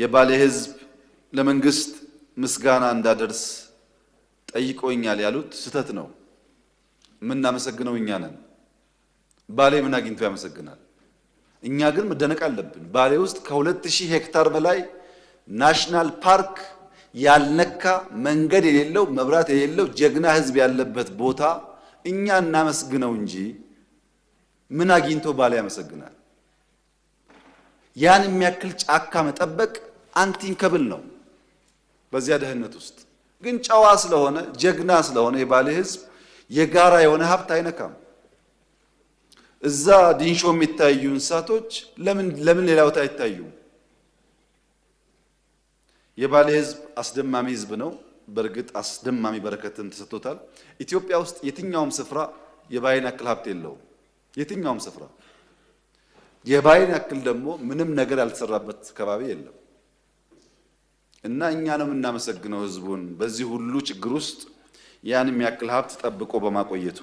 የባሌ ህዝብ ለመንግስት ምስጋና እንዳደርስ ጠይቆኛል ያሉት ስህተት ነው። የምናመሰግነው እኛ ነን። ባሌ ምን አግኝቶ ያመሰግናል? እኛ ግን መደነቅ አለብን። ባሌ ውስጥ ከሁለት ሺህ ሄክታር በላይ ናሽናል ፓርክ ያልነካ መንገድ የሌለው መብራት የሌለው ጀግና ህዝብ ያለበት ቦታ እኛ እናመስግነው እንጂ ምን አግኝቶ ባሌ ያመሰግናል? ያን የሚያክል ጫካ መጠበቅ አንቲንከብል ነው። በዚያ ደህነት ውስጥ ግን ጨዋ ስለሆነ ጀግና ስለሆነ የባሌ ህዝብ የጋራ የሆነ ሀብት አይነካም። እዛ ድንሾ የሚታዩ እንስሳቶች ለምን ለምን ሌላ ቦታ አይታዩም? የባሌ ህዝብ አስደማሚ ህዝብ ነው። በእርግጥ አስደማሚ በረከትም ተሰጥቶታል። ኢትዮጵያ ውስጥ የትኛውም ስፍራ የባሌን ያክል ሀብት የለውም። የትኛውም ስፍራ የባይን ያክል ደግሞ ምንም ነገር ያልተሰራበት ከባቢ የለም እና እኛ ነው የምናመሰግነው ህዝቡን በዚህ ሁሉ ችግር ውስጥ ያን የሚያክል ሀብት ጠብቆ በማቆየቱ።